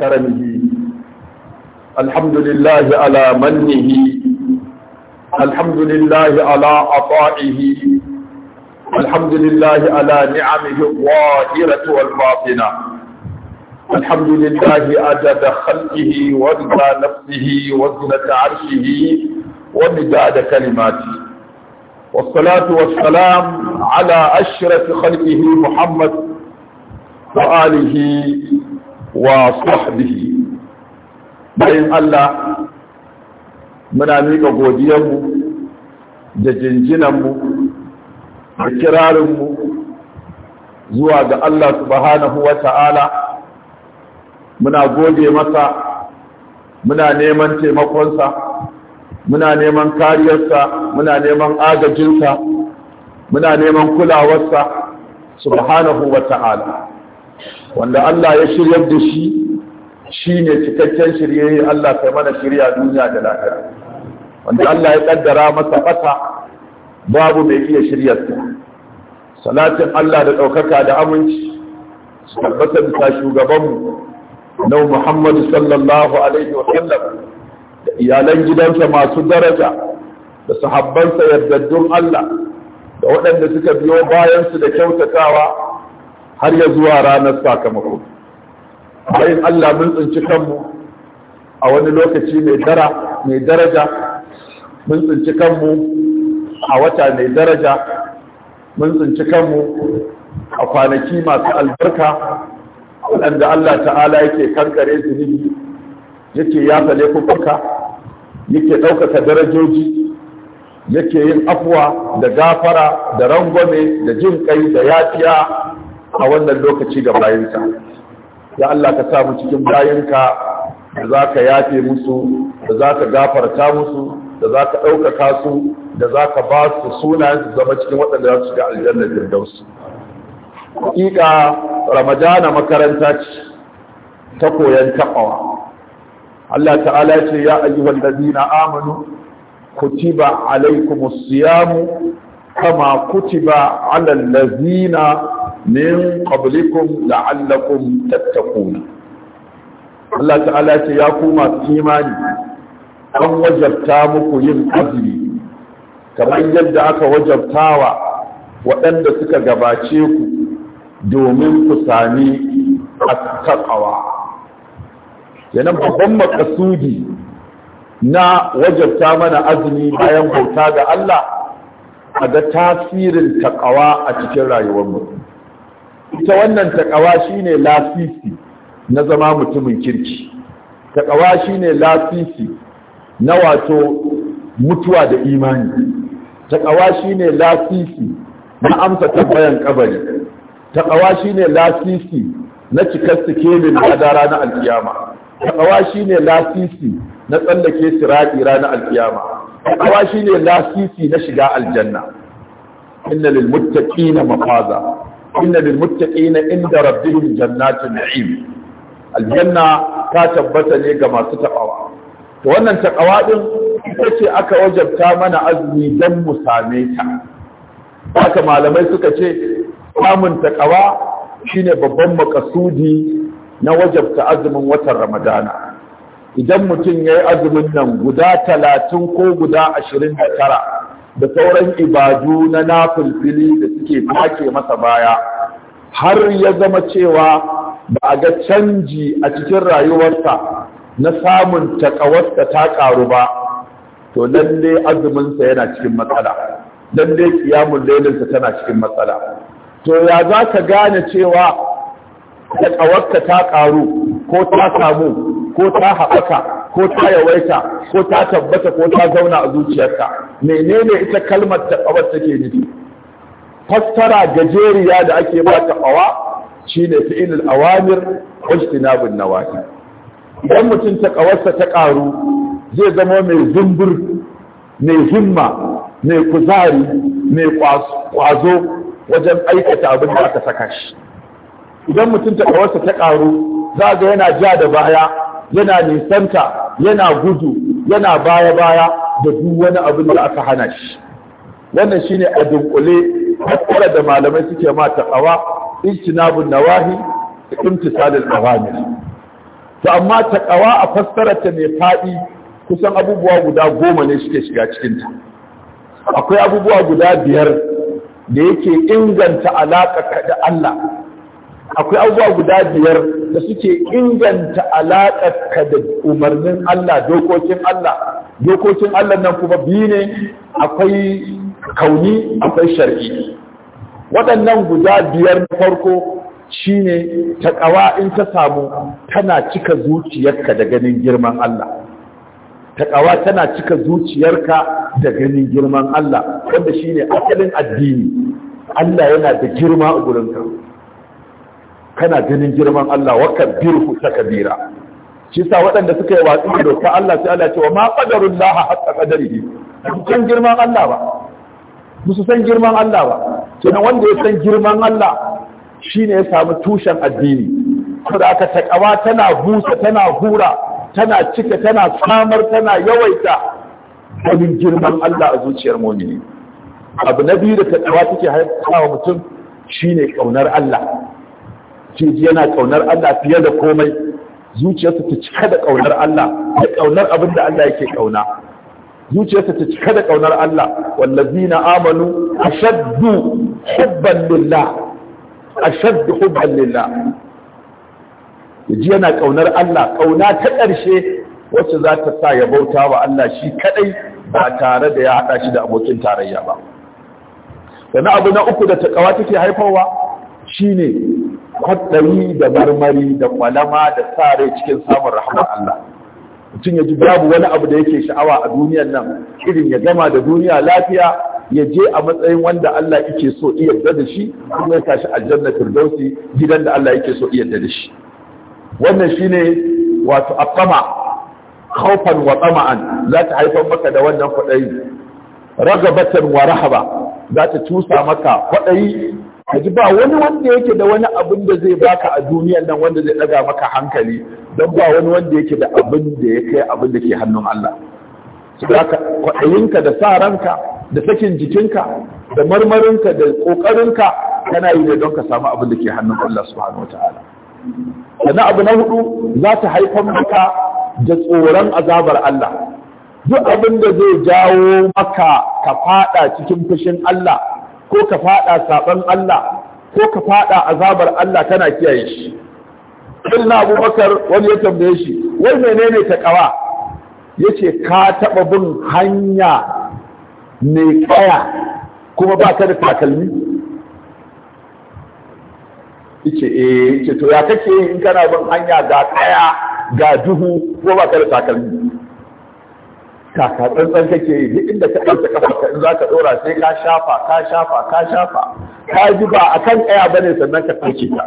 كرمه الحمد لله على منه الحمد لله على عطائه الحمد لله على نعمه الظاهرة والباطنة الحمد لله عدد خلقه وزن نفسه وزنة عرشه ومداد كلماته والصلاة والسلام على أشرف خلقه محمد وآله wa sahbihi bayan Allah muna miƙa godiyarmu da jinjinanmu da kirarinmu zuwa ga Allah subhanahu wa ta'ala muna gode masa muna neman taimakonsa muna neman kariyarsa muna neman agajinsa muna neman kulawarsa subhanahu wa ta'ala wanda Allah ya shiryar da shi shi ne cikakken shirye Allah kai mana shirya duniya da lafiya wanda Allah ya kaddara masa fata babu mai iya shiryarsa salatin Allah da ɗaukaka da aminci su tabbata bisa shugabanmu na Muhammadu sallallahu alaihi wa sallam da iyalan gidansa masu daraja da sahabbansa yardaddun Allah da waɗanda suka biyo bayansu da kyautatawa har ya zuwa ranar sakamako bayan Allah mun tsinci kanmu a wani lokaci mai dara mai daraja mun tsinci kanmu a wata mai daraja mun tsinci kanmu a kwanaki masu albarka waɗanda Allah ta'ala yake kankare zunubi yake yafa laifuka yake ɗaukaka darajoji yake yin afuwa da gafara da rangwame da jin kai da yafiya a wannan lokaci ga bayansa ya Allah ka sa mu cikin bayanka da za ka yafe musu da za ka gafarta musu da za ka ɗaukaka su da za ka ba su suna su zama cikin waɗanda za su shiga aljannar firdaus hakika ramadana makaranta ce ta koyan taɓawa Allah ta'ala ce ya ayyuhal ladina amanu kutiba alaikumus siyamu kama kutiba alal ladina min qablikum la'allakum tattaquna Allah ta'ala ce ya ku masu imani an wajabta muku yin azumi kamar yadda aka wajabtawa waɗanda suka gabace ku domin ku sami attaqawa yana babban makasudi na wajabta mana azumi bayan bauta ga Allah a ga tasirin takawa a cikin rayuwar mutum ita wannan takawa shine lasisi na zama mutumin kirki takawa shine lasisi na wato mutuwa da imani takawa shine lasisi na amsa tambayan kabari takawa shine lasisi na cikar sikelin madara na alkiyama takawa shine lasisi na tsallake sirati ranar alkiyama takawa shine lasisi na shiga aljanna inna lil muttaqina mafaza inna lil muttaqina inda rabbihim jannatun na'im aljanna ta tabbata ne ga masu taɓawa, to wannan taƙawa ɗin ita ce aka wajabta mana azumi dan mu same ta haka malamai suka ce samun takawa shine babban makasudi na wajabta azumin watan ramadana idan mutum ya yi azumin nan guda talatin ko guda ashirin da tara da sauran ibadu na nafilfili da suke take masa baya har ya zama cewa ba a ga canji a cikin rayuwarsa na samun takawarsa ta ƙaru ba to lalle azuminsa yana cikin matsala lalle kiyamun lailinsa tana cikin matsala to ya za ka gane cewa takawarka ta ƙaru, ko ta samu ko ta haɓaka ko ta yawaita ko ta tabbata ko ta zauna a zuciyarka menene ita kalmar taɓawar take nufi fassara gajeriya da ake ba taɓawa shine fi'ilul awamir ijtinabun nawahi idan mutum ta ƙawarsa ta ƙaru zai zama mai zumbur mai himma mai kuzari mai kwazo wajen aikata abin da aka saka shi idan mutum ta ƙawarsa ta ƙaru za ga yana ja da baya yana nisanta yana gudu yana baya-baya da duk wani abin da aka hana shi wannan shine a dunkule hakkara da malamai suke ma taqawa ijtinabun nawahi imtisalul awamir to amma ta taqawa a fassarar ta ne fadi kusan abubuwa guda goma ne suke shiga cikin ta akwai abubuwa guda biyar da yake inganta alaka da Allah akwai abubuwa guda biyar da suke inganta alaƙarka da umarnin Allah dokokin Allah dokokin Allah nan kuma biyu ne akwai kauni akwai shar'i waɗannan guda biyar farko shine taƙawa in ta samu tana cika zuciyarka da ganin girman Allah taƙawa tana cika zuciyarka da ganin girman Allah wanda shine asalin addini Allah yana da girma a gurinka kana ganin girman Allah wa kabbirhu takbira shi sa waɗanda suka yi watsi da doka Allah sai Allah ce wa ma qadarul laha hatta qadarihi san girman Allah ba musu san girman Allah ba kenan wanda ya san girman Allah shine ya samu tushen addini saboda aka takawa tana busa tana hura tana cika tana samar tana yawaita ganin girman Allah a zuciyar mu'mini abu na biyu da takawa take haifawa mutum shine kaunar Allah ce ji yana kaunar Allah fiye da komai zuciyarsa ta cika da kaunar Allah da kaunar abin da Allah yake kauna zuciyarsa ta cika da kaunar Allah wallazina amanu ashaddu hubban lillah ashaddu hubban lillah ji yana kaunar Allah kauna ta ƙarshe wacce za ta sa ya bauta wa Allah shi kadai ba tare da ya hada shi da abokin tarayya ba Wani abu na uku da takawa take haifarwa shine kwaɗayi da marmari da kwalama da sa rai cikin samun rahmar Allah mutum ya ji babu wani abu da yake sha'awa a duniyar nan irin ya gama da duniya lafiya ya je a matsayin wanda Allah yake so iya da shi kuma ya tashi aljanna firdausi gidan da Allah yake so iya da shi wannan shine wato aqama khawfan wa tama'an za ta haifar maka da wannan kwaɗayi ragabatan wa rahaba za ta cusa maka kwaɗayi kaji ba wani wanda yake da wani abin da zai baka a duniyar nan wanda zai daga maka hankali don ba wani wanda yake da abin da ya kai abin da ke hannun Allah su ka kwaɗayinka da sa ranka da sakin jikinka da marmarinka da ƙoƙarinka kana yi ne don ka samu abin da ke hannun Allah subhanahu ta'ala sannan abu na hudu za ta haifar maka da tsoron azabar Allah duk abin da zai jawo maka ka fada cikin fushin Allah ko ka fada saban Allah ko ka fada azabar Allah kana kiyaye shi Abu abubakar wani ya tambaye shi wai menene ta kawa yace ka taba bin hanya mai kaya kuma ba ka da takalmi yace eh yace to ya kake in kana bin hanya ga kaya ga duhu ko ba ka da takalmi kaka tsantsan kake yi duk inda ka kafa ka in za ka ɗora sai ka shafa ka shafa ka shafa ka ji ba a kan ɗaya ba ne sannan ka ɗauke ta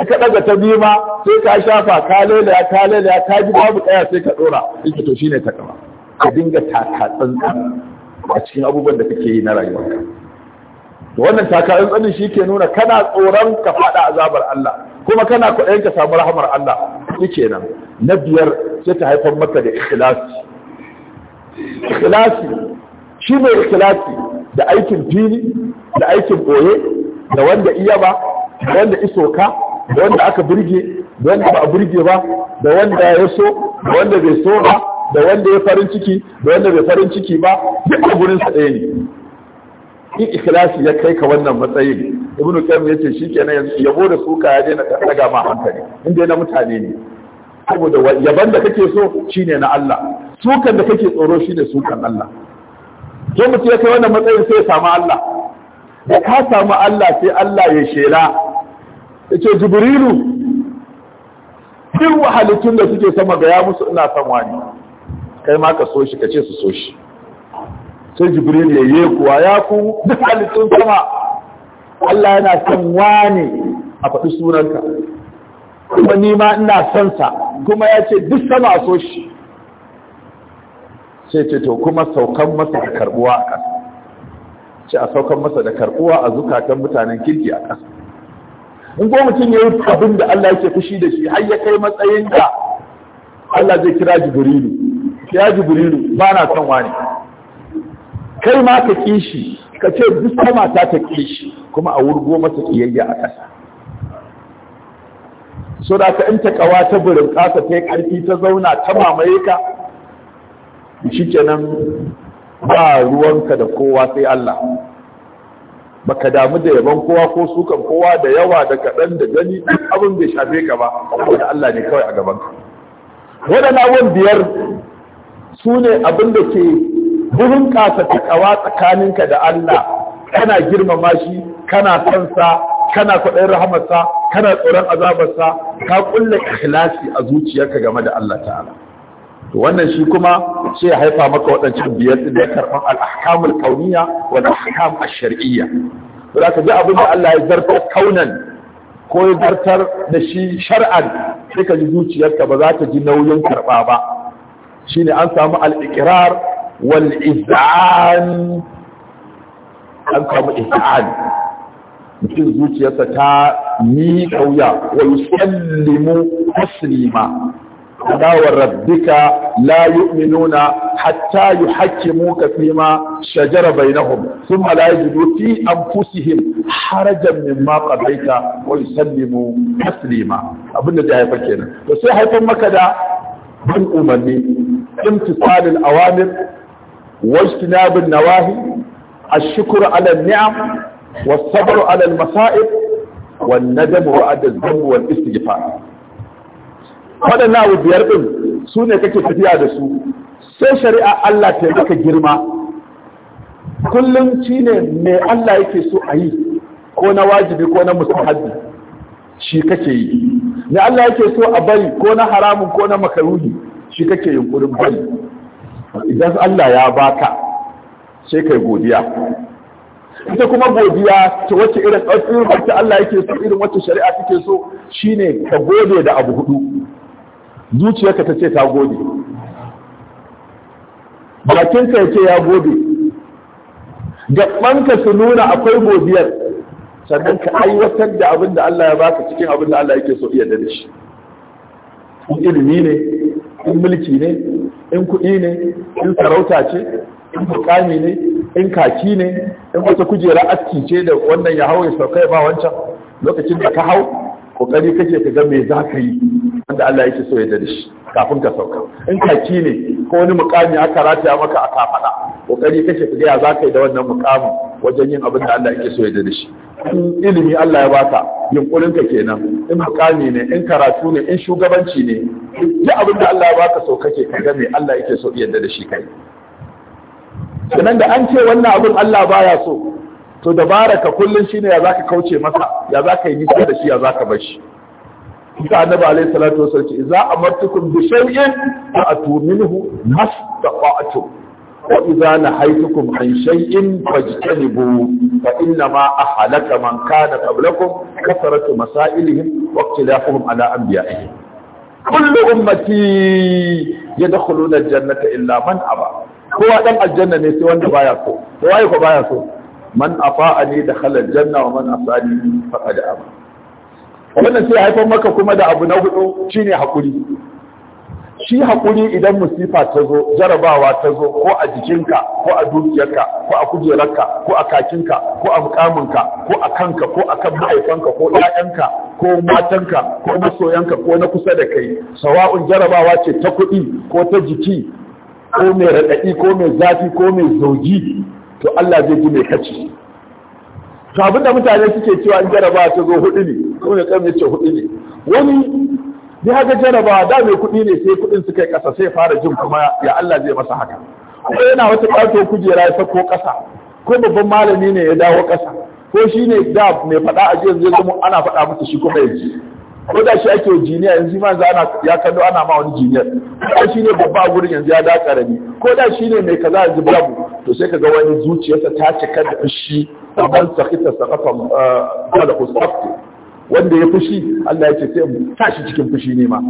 in ka ɗaga ta biyu ma sai ka shafa ka lalaya, ka lalaya, ka ji babu ɗaya sai ka ɗora ita to ne ta kama ka dinga taka tsantsan a cikin abubuwan da kake yi na rayuwarka to wannan taka tsantsanin shi ke nuna kana tsoron ka faɗa azabar Allah kuma kana kwaɗayin ka samu rahamar Allah shi kenan na biyar sai ta haifar maka da ikhlasi ikhlasi shi ne ikilasi da aikin fili da aikin boye da wanda iya ba da wanda isoka da wanda aka burge da wanda ba a burge ba da wanda ya so da wanda bai so ba da wanda ya farin ciki da wanda bai farin ciki ba duk a gurin sa ɗaya ne in ikhlasi ya kai ka wannan matsayin ibnu qayyim yace shikenan yanzu yabo da suka ya daina daga ma hankali inda na mutane ne saboda yaban da kake so shine na Allah sukan da kake tsoro shine sukan Allah ke mutum ya kai wannan matsayin sai ya samu Allah da ka samu Allah sai Allah ya shela ya ce jibrilu duk halittun da suke sama ga ya musu ina son wani kai ma ka so shi ka ce su so shi sai jibril ya yi kuwa ya ku duk halittun sama Allah yana son wani a faɗi sunanka kuma ni ma ina sansa kuma ya ce duk sama a so shi sai ce to kuma saukan masa da karbuwa a ƙasa ce a saukan masa da karbuwa a zukatan mutanen kirki a ƙasa in ko mutum ya yi abin da Allah yake fushi da shi har ya kai matsayin da Allah zai kira Jibrilu ya Jibrilu ba na son wani kai ma ka kishi ka ce duk sama ta ta kishi kuma a wurgo masa kiyayya a ƙasa so da ka in ta kawa ta burin kasa, ta yi ƙarfi ta zauna ta mamaye ka shikenan ba ruwanka da kowa sai Allah baka damu da yaban kowa ko sukan kowa da yawa da kaɗan da gani duk abin bai shafe ka ba da Allah ne kawai a gaban ka waɗannan biyar su abin da ke burin kasa kawa tsakaninka da Allah kana girmama shi kana son sa kana kwaɗayin rahamarsa kana tsoron azabarsa ka kulle ikhlasi a zuciyarka game da Allah ta'ala to wannan shi kuma sai ya haifa maka waɗancan biyar din da karɓan al-ahkamul kauniyya wal ahkam a shariyya to ji abin da Allah ya zartar kaunan ko ya zartar da shi shar'an sai ka ji zuciyarka ba za ta ji nauyin karɓa ba shine an samu al wal izan an samu izan mutum zuciyarsa ta miƙa wuya wa yusallimu taslima عداوة ربك لا يؤمنون حتى يحكموك فيما شجر بينهم ثم لا يجدوا في أنفسهم حرجا مما قضيت ويسلموا تسليما أبن ده هيفا كينا وسي هيفا من أمني امتصال الأوامر واجتناب النواهي الشكر على النعم والصبر على المصائب والندم وعد الذنب والاستغفار waɗannan abu biyar ɗin su ne kake tafiya da su sai shari'a Allah ta yi maka girma kullum shi ne me Allah yake so a yi ko na wajibi ko na mustahabi shi kake yi me Allah yake so a bari ko na haramun ko na makaruni shi kake yunkurin bari idan Allah ya baka sai kai godiya ita kuma godiya ta wacce irin irin wacce Allah yake so irin wacce shari'a take so shine ka gode da abu hudu zuciyarka ta ce ta gode bakinka ya ce ya gode gabanka su nuna akwai godiyar sannan ka aiwatar da abin da Allah ya baka cikin abin da Allah yake so iya da shi in ilimi ne in mulki ne in kuɗi ne in sarauta ce in bukami ne in kaki ne in wata kujera aski ce da wannan ya hau ya sauka ya ba wancan lokacin da ka hau kokari kake ka ga me za ka yi wanda Allah yake so ya dare shi kafin ka sauka in kaki ne ko wani mukami aka rataya maka a kafada kokari kace ku ga za ka yi da wannan mukamin wajen yin abin da Allah yake so ya dare shi in ilimi Allah ya baka yunkurin ka kenan in mukami ne in karatu ne in shugabanci ne duk abin da Allah ya baka so kake ka ga me Allah yake so ya dare shi kai sannan da an ce wannan abin Allah baya so to dabara kullun shine ya zaka kauce masa ya zaka yi nisa da shi ya zaka bar shi ga annabi alaihi salatu wasallam ce idza amartukum bi shay'in fa'tu minhu mastata'tum wa idza nahaytukum an shay'in fajtanibu fa inna ma ahlaka man kana qablakum kasaratu masailihim wa ikhtilafuhum ala anbiya'ihim kullu ummati yadkhuluna al-jannata illa man aba kowa dan aljanna ne sai wanda baya so to waye ko baya so man afa'ani dakhala al-janna wa man asani faqad aba wannan sai haifar maka kuma da abu na hudu shine hakuri shi hakuri idan musifa ta zo jarabawa ta zo ko a jikinka ko a dukiyarka ko a kujerarka ko a kakinka ko a mukaminka ko a kanka ko a kan mahaifanka ko ƴaƴanka ko matanka ko masoyanka ko na kusa da kai sawa'un jarabawa ce ta kuɗi ko ta jiki ko mai raɗaɗi ko mai zafi ko mai zogi to Allah zai ji mai kaci to da mutane suke cewa in jaraba ta zo hudu ne kuma ya kamar ce hudu ne wani ya haka jaraba da mai kuɗi ne sai kuɗin suka yi ƙasa sai fara jin kuma ya Allah zai masa haka ko yana wata ƙato kujera ya sako kasa ko babban malami ne ya dawo kasa ko shine da mai faɗa a jiya zai zama ana faɗa masa shi kuma ya ji ko da shi ake jiniya yanzu ma yanzu ya kallo ana ma wani jiniyar ko shi ne babba a gurin yanzu ya da karami ko da shi ne mai kaza yanzu babu to sai ka ga wani zuciyarsa ta cika da fushi amma sakita sakafa eh, da kusafti wanda ya fushi Allah ya ce sai mu tashi cikin fushi ne ma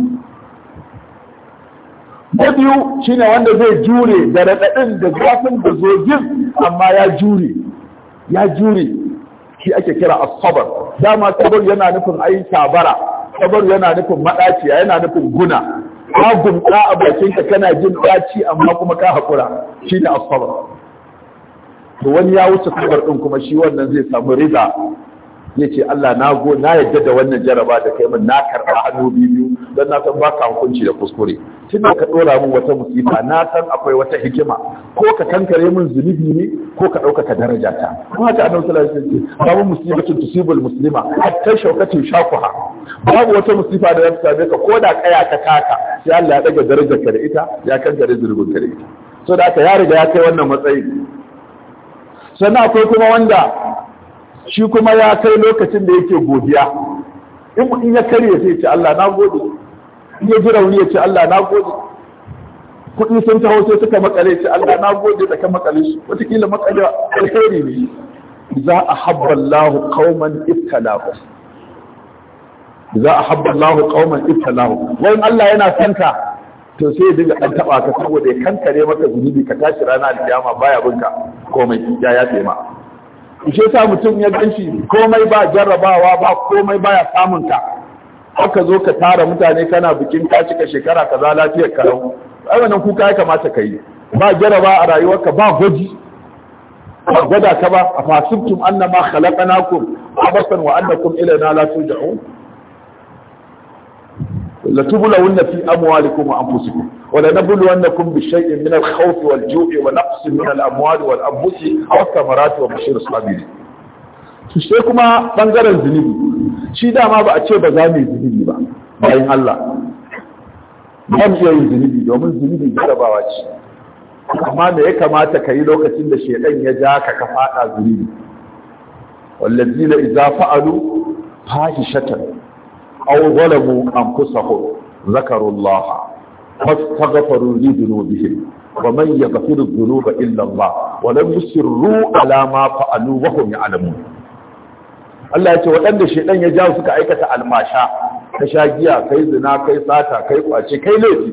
na biyu shine wanda zai jure da raɗaɗin da zafin da zogin amma ya jure ya jure shi ake kira asabar dama sabar yana nufin ai tabara. kabaru yana nufin maɗaciya yana nufin guna ka gumta a bakinka kana jin ɗaci amma kuma ka haƙura shi ne asabar to wani ya wuce kabar ɗin kuma shi wannan zai samu riba ya ce Allah na go na yadda da wannan jaraba da kai min na karɓa hannu biyu don na san baka hukunci da kuskure tun da ka dora min wata musifa na san akwai wata hikima ko ka kankare min zunubi ne ko ka ɗaukaka daraja ta kuma haka annabi sallallahu alaihi wasallam babu musibatin tusibul muslima hatta shaukatin shakuha babu wata musifa da za ta same ka ko da kaya ka taka sai Allah ya daga darajar ka da ita ya kankare zunubin ka da ita so da aka ya riga ya kai wannan matsayi sannan akwai kuma wanda shi kuma ya kai lokacin da yake godiya in ya karye sai ce Allah na gode in ya ji rauni ya ce Allah na gode kuɗi sun taho sai suka makale ce Allah na gode da ka makale shi wataƙila makale alheri ne za a habba Allah qauman ibtalahu za a habba Allah qauman ibtalahu wai Allah yana son to sai dinga an taba ka saboda ya kankare maka zunubi ka tashi rana da yama baya binka komai ya ya ma shi sa mutum ya gan shi komai ba jarrabawa ba komai baya samun ka haka zo ka tara mutane kana bikin ka cika shekara kaza lafiyar karau ai wannan kuka ya kamata ka yi ba jarraba a rayuwarka ba gwaji ba gwada ka ba a fasibtum annama khalaqnakum abasan wa annakum ilaina la turja'un لتبلون في أموالكم وأنفسكم ولنبلونكم بشيء من الخوف والجوع ونقص من الأموال والأنفس والثمرات وبشير الصابرين sai kuma bangaren zunubi shi dama ba a ce ba za mu yi zunubi ba bayan Allah ba mu iya yin zunubi domin zunubi jarabawa ce amma me ya kamata ka yi lokacin da shedan ya ja ka ka fada zunubi wallazina idza fa'alu fahishatan aw zalamu anfusahum zakarullah fastaghfiru li dhunubihim wa man yaghfiru dhunuba illa Allah wa lam yusirru ala ma fa'alu wa hum ya'lamun Allah ya ce waɗanda shedan ya jawo suka aikata almasha ka shagiya kai zina kai sata kai kwace kai laifi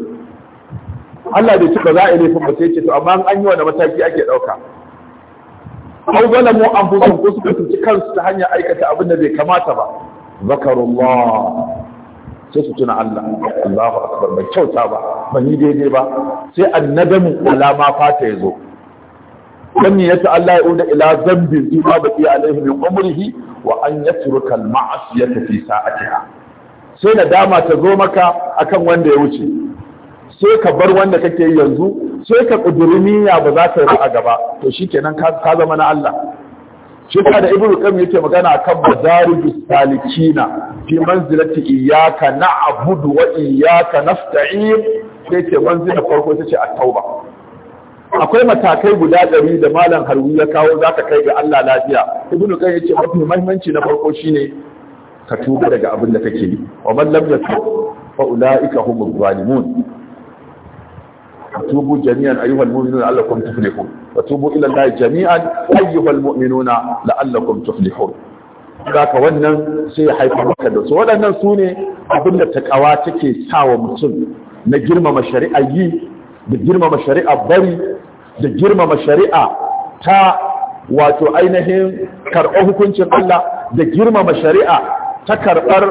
Allah bai cika za a yi laifin ba sai ce to amma an yi wani mataki ake ɗauka au zalamu anfusahum ko suka tuci kansu ta hanyar aikata abin da bai kamata ba zakarullah sai su tuna Allah Allahu akbar bai kyauta ba ban yi daidai ba sai annadamu alama fata ya zo dan ya Allah ya unda ila zambin fi baki baqi alaihi min umrihi wa an yatruka al ma'siyata fi sa'atiha sai nadama ta zo maka akan wanda ya wuce sai ka bar wanda kake yi yanzu sai ka niyya ba za ta yi ba a gaba to shikenan ka zama na Allah shi da ibnu qayyim yake magana akan madarijus salikina fi manzilati iyyaka na'budu wa iyyaka nasta'in sai manzilar farko tace at-tauba akwai matakai guda ɗari da malam harwi ya kawo zaka kai ga Allah lafiya ibnu qayyim yake mafi muhimmanci na farko shine ka tuba daga abin da kake yi wa man lam yatub fa ulaika zalimun وتوبوا جميعا أيها المؤمنون لعلكم تفلحون وتوبوا إلى الله جميعا أيها المؤمنون لعلكم تفلحون zaka wannan sai ya haifar maka da su waɗannan su ne abin da takawa take wa mutum na girmama shari'a yi da girmama shari'a bari da girmama shari'a ta wato ainihin karɓar hukuncin Allah da girmama shari'a ta karɓar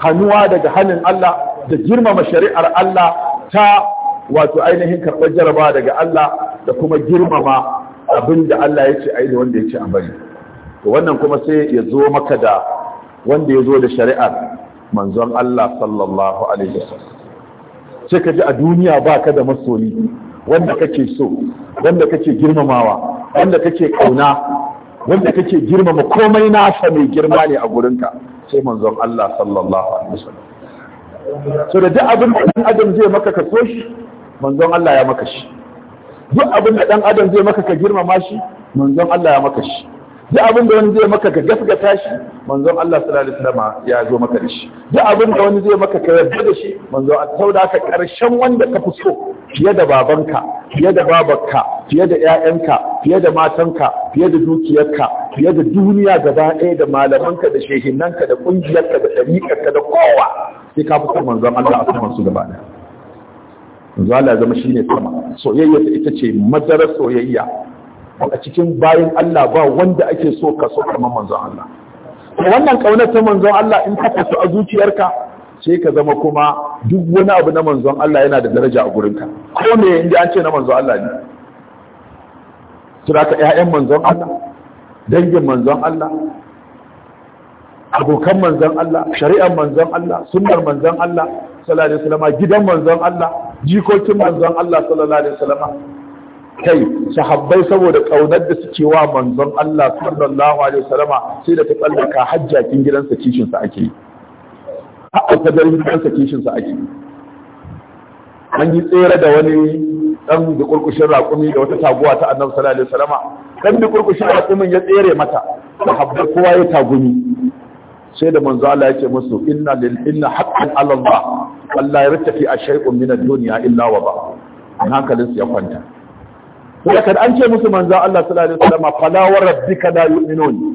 hannuwa daga hannun Allah da girmama shari'ar Allah ta wato ainihin karɓar jaraba daga Allah da kuma girmama abin da Allah ya ce a da wanda ya ce a bari to wannan kuma sai ya zo maka da wanda ya zo da shari'ar manzon Allah sallallahu alaihi wasallam ka ji a duniya ba ka da masoli, wanda kake so wanda kake girmamawa wanda kake kauna wanda kake girmama komai nasa mai girma ne a gurinka sai manzon Allah sallallahu alaihi wasallam so da duk abin da ɗan adam zai maka ka so shi manzon Allah ya maka shi duk abin da ɗan adam zai maka ka girmama shi manzon Allah ya maka shi duk abin da wani zai maka ka gaskata shi manzon Allah sallallahu alaihi wasallam ya zo maka da shi duk abin da wani zai maka ka yarda da shi manzon da haka karshen wanda ka fi so fiye da babanka fiye da babarka fiye da ƴaƴanka fiye da matanka fiye da dukiyarka fiye da duniya gaba ɗaya da malamanka da shehinanka da kungiyarka da ɗariƙarka da kowa sai ka fi son manzon Allah a saman su gaba ɗaya manzon Allah ya zama shine sama soyayya ita ce madarar soyayya a cikin bayan Allah ba wanda ake so ka so kamar manzon Allah wannan ƙaunar ta manzon Allah in ka kasu a zuciyarka sai ka zama kuma duk wani abu na manzon Allah yana da daraja a gurinka ko me inda an ce na manzon Allah ne su da ka ƴaƴan manzon Allah dangin manzon Allah abokan manzon Allah shari'ar manzon Allah sunnar manzon Allah sallallahu alaihi wasallam gidan manzon Allah jikokin manzon Allah sallallahu alaihi wasallam kai shahabbai saboda kaunar da suke wa manzon Allah sallallahu alaihi wasallama sai da ta tsallaka hajjakin gidansa kishin sa ake yi a garin gidansa kishin sa ake yi an yi tsere da wani dan da kurkushin raƙumi da wata taguwa ta annabi sallallahu alaihi wasallama dan da kurkushin raƙumin ya tsere mata shahabbai kowa ya tagumi sai da manzo Allah yake musu inna lil inna haqqan ala Allah Allah ya rattafi a shay'un min ad-dunya illa wa ba hankalin su ya kwanta ولكن أنت مسلمان ذا الله صلى الله عليه وسلم فلا وربك لا يؤمنون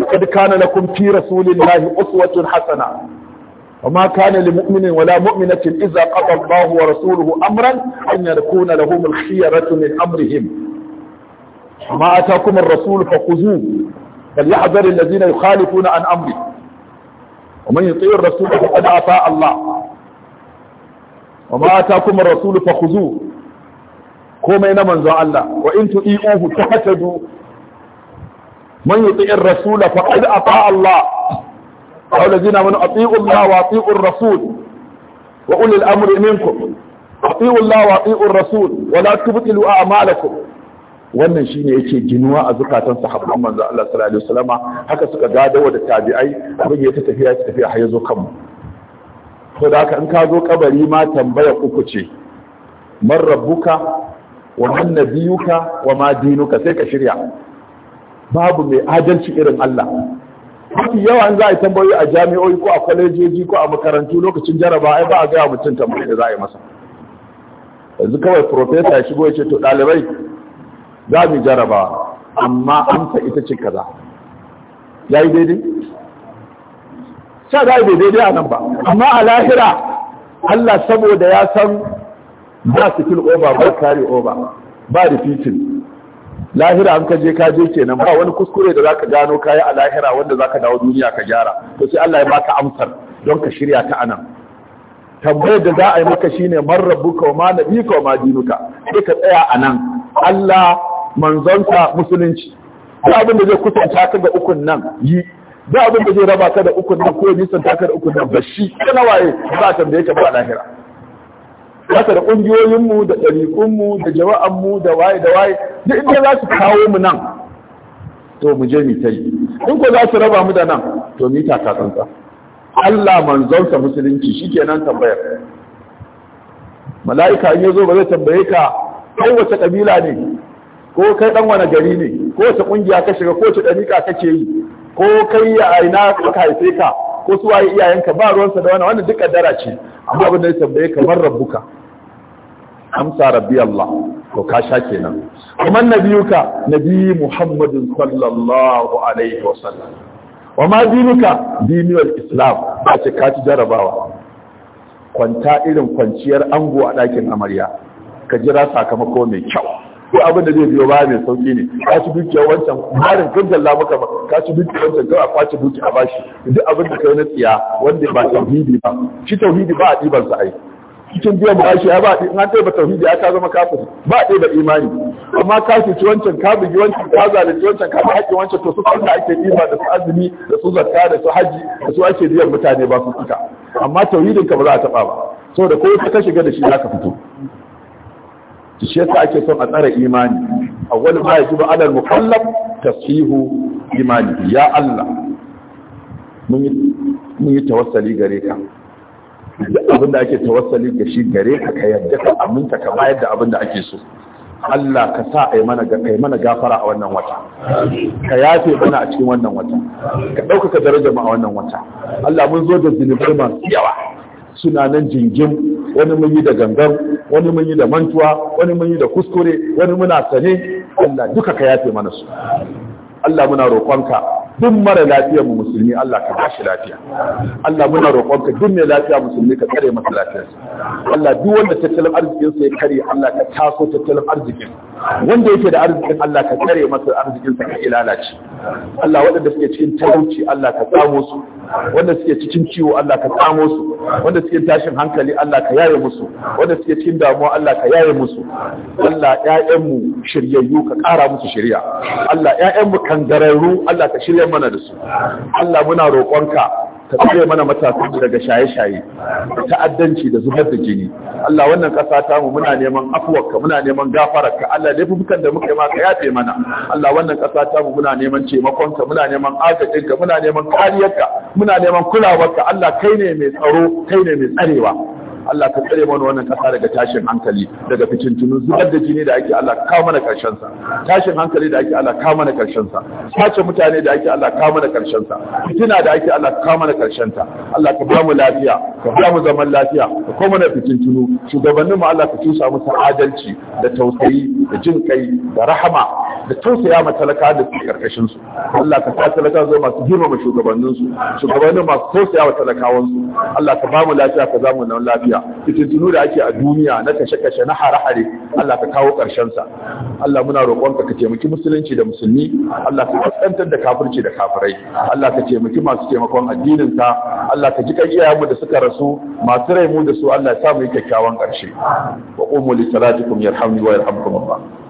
لقد كان لكم في رسول الله أسوة حسنة وما كان لمؤمن ولا مؤمنة إذا قضى الله ورسوله أمرا أن يكون لهم الخيرة من أمرهم ما أتاكم الرسول فخذوه فليحذر الذين يخالفون عن أمره ومن يطيع الرسول فقد أطاع الله وما أتاكم الرسول فخذوه komai na manzo Allah wa in tu'i'uhu tahtadu man yuti'ir rasul faqad ata'a Allah aw lazina man ati'u Allah wa ati'u ar-rasul wa ulil amri minkum ati'u Allah wa ati'u ar-rasul wa la tubtilu a'malakum wannan shine yake ginuwa a zukatan sahabban manzo Allah sallallahu alaihi wasallama haka suka gadawa da tabi'ai abin ya ta tafiya ta tafiya har yazo kanmu to da haka in ka zo kabari ma tambaya kuku ce man rabbuka wa man nabiyuka wa ma dinuka sai ka shirya babu mai adalci irin Allah mafi yawa an za a yi tambayoyi a jami'o'i ko a kwalejoji ko a makarantu lokacin jaraba ai ba a ga mutum tambayi da za a yi masa yanzu kawai profesa ya shigo ya ce to ɗalibai za mu jaraba amma amsa ita ce kaza ya yi daidai sai dai daidai a nan ba amma a lahira Allah saboda ya san ba fil oba ba kare oba ba da fitin. lahira an ka je ka je kenan ba wani kuskure da zaka gano kayi a lahira wanda zaka dawo duniya ka gyara to sai Allah ya baka amsar don ka shirya ta anan tambayar da za a yi maka shine man rabbuka wa ma nabika wa ma sai ka tsaya anan Allah manzonsa musulunci ba abin da zai kusanta ka ga ukun nan yi ba abin da zai raba ka da ukun nan ko nisan ka da ukun nan ba shi kana waye za a tambaye ka ba lahira haka da ƙungiyoyinmu da ɗariƙunmu da jama'anmu da waye da waye da inda za su kawo mu nan to mu je mu ta yi in ko za su raba mu da nan to mu yi taka tsantsa Allah manzonsa musulunci shikenan tambayar mala'ika in yazo ba zai tambaye ka kai wace kabila ne ko kai dan wani gari ne ko wace kungiya ka shiga ko wace dariƙa kake yi ko kai ya aina ka haife ka ko su waye iyayenka ba ruwansa da wani wannan duk kaddara ce amma abin da ya tambaye ka man rabbuka amsa rabbi Allah to ka sha kenan kuma nabiyuka nabi Muhammadin sallallahu alaihi wasallam wa ma dinuka dinul islam ba ce ka ci jarabawa kwanta irin kwanciyar ango a ɗakin amarya ka jira sakamako mai kyau ko abin da zai biyo ba mai sauki ne ka ci dukiya wancan marin gangalla maka ba ka ci dukiya wancan kawai a kwace duki a bashi duk abin da kai na tsiya wanda ba tauhidi ba shi tauhidi ba a ɗiban sa ai cikin biyan bashi ya ba in an ɗaya tauhidi ya ka zama kafin ba ɗaya da imani amma ka cuci wancan ka bugi wancan ka zalunci wancan ka haƙƙi wancan to su da ake ima da su azumi da su zakka da su haji da su ake biyan mutane ba su fita amma tauhidin ka ba za a taɓa ba saboda ko ka shiga da shi za ka fito shi yasa ake son a tsara imani awwal ma yajibu ba al-mukallaf tasfihu imani ya Allah mun yi tawassali gare ka duk abin da ake tawassali da shi gare ka ka yarda ka aminta ka bayar da abin da ake so Allah ka sa a mana mana gafara a wannan wata ka yafe mana a cikin wannan wata ka ɗaukaka darajar mu a wannan wata Allah mun zo da zinubai masu yawa suna nan jingim wani mun yi da gangan wani mun yi da mantuwa wani mun yi da kuskure wani muna sane Allah duka ka yafe mana su Allah muna roƙonka duk mara lafiya mu musulmi Allah ka bashi lafiya Allah muna roƙonka duk mai lafiya musulmi ka tsare masa lafiyarsa Allah duk wanda tattalin arzikin sa ya kare Allah ka taso tattalin arzikin wanda yake da arzikin Allah ka tsare masa arzikin sa ka ilalace Allah waɗanda suke cikin talauci Allah ka tsamo su wanda suke cikin ciwo Allah ka tsamo su wanda suke tashin hankali Allah ka yaye musu wanda suke cikin damuwa Allah ka yaye musu Allah ƴaƴanmu shiryayyu ka ƙara musu shirya Allah ƴaƴanmu kangararru Allah ka shirya mana da su Allah muna roƙonka ka tsare mana matasan daga shaye-shaye da ta'addanci da zubar da jini Allah wannan ƙasa ta mu muna neman afuwarka muna neman gafararka Allah laifukan da muka yi ka yafe mana Allah wannan ƙasa ta mu muna neman cemakonka, muna neman agajinka muna neman kariyarka muna neman kulawarka Allah kai ne mai tsaro kai ne mai tsarewa Allah ka tsare mana wannan kasa daga tashin hankali daga fitin tunu, zubar da jini da ake Allah kawo mana karshen sa tashin hankali da ake Allah kawo mana karshen sa sace mutane da ake Allah kawo mana karshen sa fitina da ake Allah kawo mana karshen ta Allah ka ba mu lafiya ka ba mu zaman lafiya ka kawo mana tunu. shugabannin mu Allah ka tusa musu adalci da tausayi da jin kai da rahama da tausaya ma talaka da su karkashin su Allah ka sa talaka zo masu girma shugabannin su shugabannin masu tausaya wa talakawan su Allah ka ba mu lafiya ka za mu nan lafiya duniya fitintunu da ake a duniya na kashe-kashe na hare-hare Allah ka kawo ƙarshen sa Allah muna roƙonka ka taimaki musulunci da musulmi Allah ka kaskantar da kafirci da kafirai Allah ka taimaki masu taimakon addinin ka Allah ka ji iyayenmu da suka rasu masu rai mu da su Allah ya sa mu yi kyakkyawan ƙarshe wa qumu li salatikum yarhamni wa yarhamkum Allah